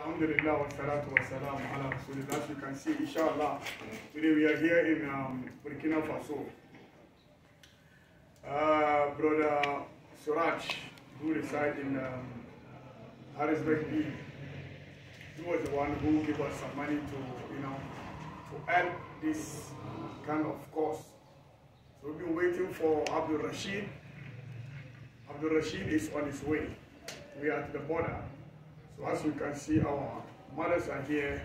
Alhamdulillah wa salatu wa salam ala Rasulullah. As you can see, inshallah, today we are here in um, Burkina Faso. Uh, brother Suraj, who resides in um, Harrisburg, B, he was the one who gave us some money to, you know, to help this kind of cause. So we've been waiting for Abdul Rashid. Abdul Rashid is on his way. We are at the border. So as you can see, our mothers are here.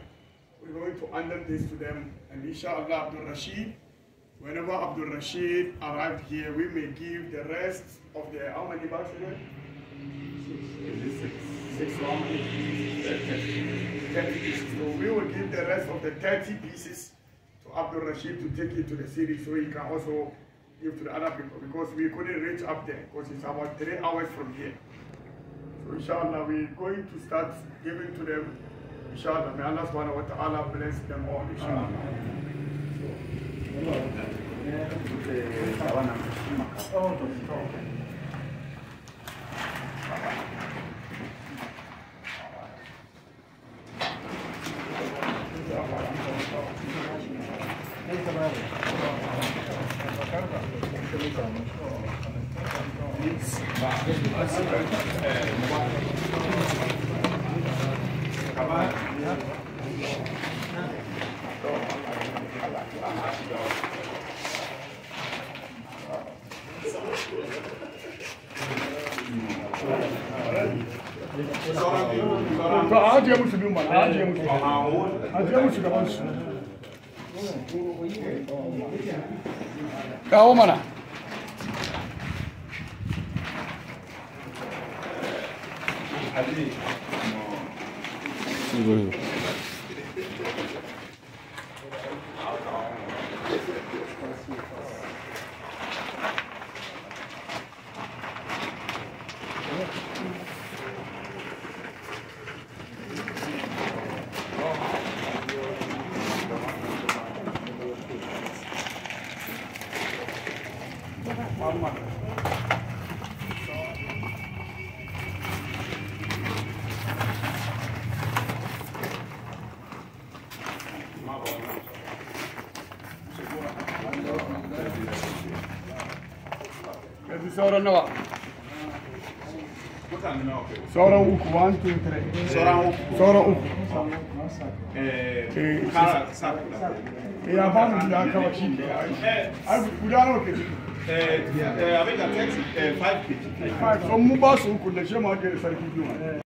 We're going to hand this to them. And inshallah, Abdul Rashid, whenever Abdul Rashid arrived here, we may give the rest of the, how many bags are Six. Six, six, how many? 30, 30 pieces. So we will give the rest of the 30 pieces to Abdul Rashid to take it to the city so he can also give to the other people because we couldn't reach up there because it's about three hours from here. So inshallah, we're going to start giving to them. Inshallah, may Allah subhanahu wa ta'ala bless them all, inshallah. Adiye mutu bir numara, né? adiye mutu. Adiye mutu da bana. Kawo 자주 뭐 이거 어. 엄마 Sauran nawa? Sauran uku, one, two, three. Sauran uku. Sauran uku. Eh, ya eh, eh, eh, ba mu guda kawai shi é Ai, guda nawa ke Eh, abin da 5 ke. 5, son mu ba su uku da shi ma ke sarki biyu.